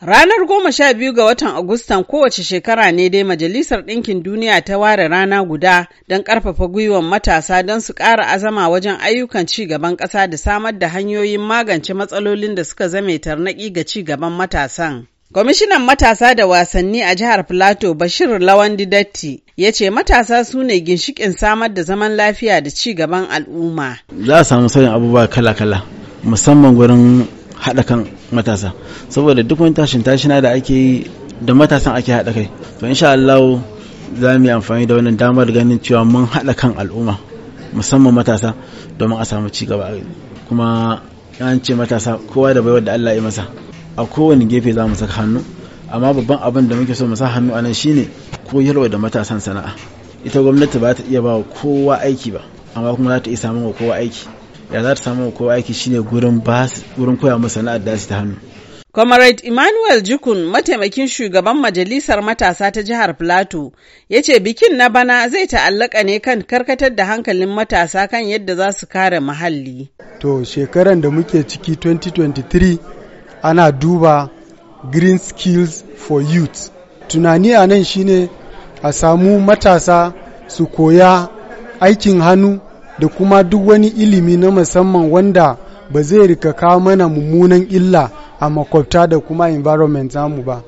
Ranar goma sha biyu ga watan Agustan kowace shekara ne dai Majalisar Ɗinkin Duniya ta ware rana guda don ƙarfafa gwiwan matasa don su ƙara azama wajen ayyukan ci gaban ƙasa da samar da hanyoyin magance matsalolin da suka zame tarnaki ga ci gaban matasan. Kwamishinan matasa da wasanni a jihar Filato Bashir Lawandi Datti ya ce matasa su ne ginshikin samar da zaman lafiya da ci gaban al'umma. Za a samu sauyin abubuwa kala-kala musamman gurin haɗa kan matasa saboda duk wani tashin tashina da ake yi da matasan ake haɗa kai to insha Allah za mu yi amfani da wannan damar ganin cewa mun haɗa kan al'umma musamman matasa domin a samu cigaba kuma an ce matasa kowa da baiwar da Allah ya masa a kowane gefe za mu saka hannu amma babban abin da muke so mu sa hannu a nan shine koyarwa da matasan sana'a ita gwamnati ba ta iya ba kowa aiki ba amma kuma za ta iya samun wa kowa aiki ya za ta samu kowa aiki shine gurin gurin koya musu sana'ar da ta hannu Comrade Emmanuel Jukun mataimakin shugaban majalisar matasa ta jihar Plateau ya ce bikin na bana zai ta'allaka ne kan karkatar da hankalin matasa kan yadda za su kare muhalli. To shekaran da muke ciki 2023 ana duba Green Skills for Youth. Tunani a nan shine a samu matasa su koya aikin hannu da kuma duk wani ilimi na musamman wanda ba zai rika kawo mana mummunan illa a makwabta da kuma environment zamu ba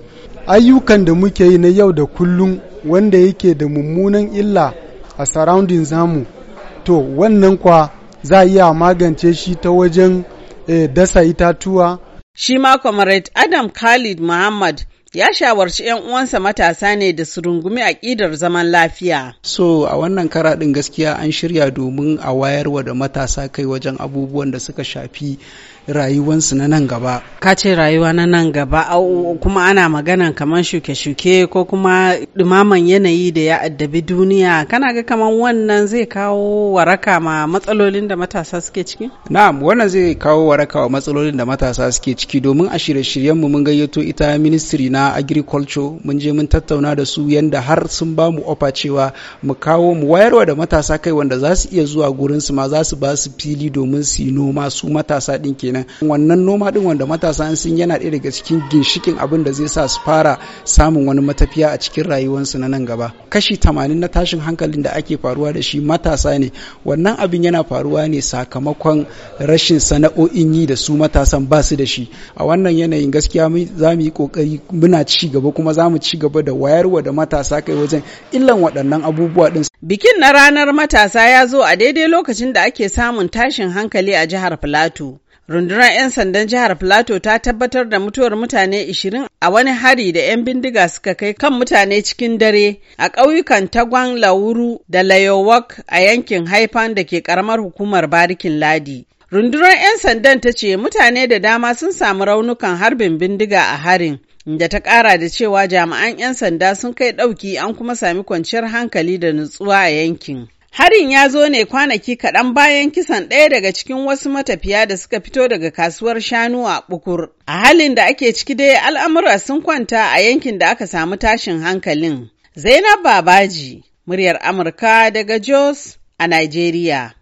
ayyukan da muke yi na yau da kullum wanda yake da mummunan illa a surrounding zamu to wannan kwa za a iya magance shi ta wajen eh, dasa itatuwa shi ma comrade adam khalid muhammad ya shawarci 'yan uwansa matasa ne da su rungumi aƙidar zaman lafiya. So a wannan kara ɗin gaskiya an shirya domin a wayarwa da matasa kai wajen abubuwan da suka shafi rayuwansu na nan gaba. Ka ce rayuwa na nan gaba kuma ana magana kamar shuke-shuke ko kuma dumaman yanayi da ya addabi duniya kana ga kamar wannan zai kawo waraka ma matsalolin da matasa suke ciki? Na'am wannan zai kawo waraka wa matsalolin da matasa suke ciki domin a shirye-shiryenmu mun gayyato ita ministry na agriculture mun je mun tattauna da su yanda har sun ba mu ofa cewa mu kawo mu wayarwa da matasa kai wanda za su iya zuwa gurin su ma za su ba su fili domin su yi noma su matasa din kenan wannan noma din wanda matasa sun yana ɗaya daga cikin ginshikin abin da zai sa su fara samun wani matafiya a cikin rayuwarsu na nan gaba kashi tamanin na tashin hankalin da ake faruwa da shi matasa ne wannan abin yana faruwa ne sakamakon rashin sana'o'in yi da su matasan ba su da shi a wannan yanayin gaskiya za mu yi kokari muna muna ci gaba kuma za mu ci gaba da wayarwa da matasa kai wajen illan waɗannan abubuwa ɗin. Bikin na ranar matasa ya zo a daidai lokacin da ake samun tashin hankali a jihar Filato. Rundunar 'yan sandan jihar Filato ta tabbatar da mutuwar mutane 20 a wani hari da 'yan bindiga suka kai kan mutane cikin dare a ƙauyukan Tagwan Lawuru da Layowak a yankin Haifan da ke ƙaramar hukumar Barikin Ladi. Rundunar 'yan sandan ta ce mutane da dama sun samu raunukan harbin bindiga a harin da ta kara da cewa jami'an 'yan sanda sun kai ɗauki an kuma sami kwanciyar hankali da nutsuwa a yankin. Harin ya zo ne kwanaki kaɗan bayan kisan ɗaya daga cikin wasu matafiya da suka fito daga kasuwar shanu a bukur. A halin da ake ciki dai al'amura sun kwanta a yankin da aka samu tashin hankalin. Zainab Babaji, muryar Amurka daga Jos a Nigeria.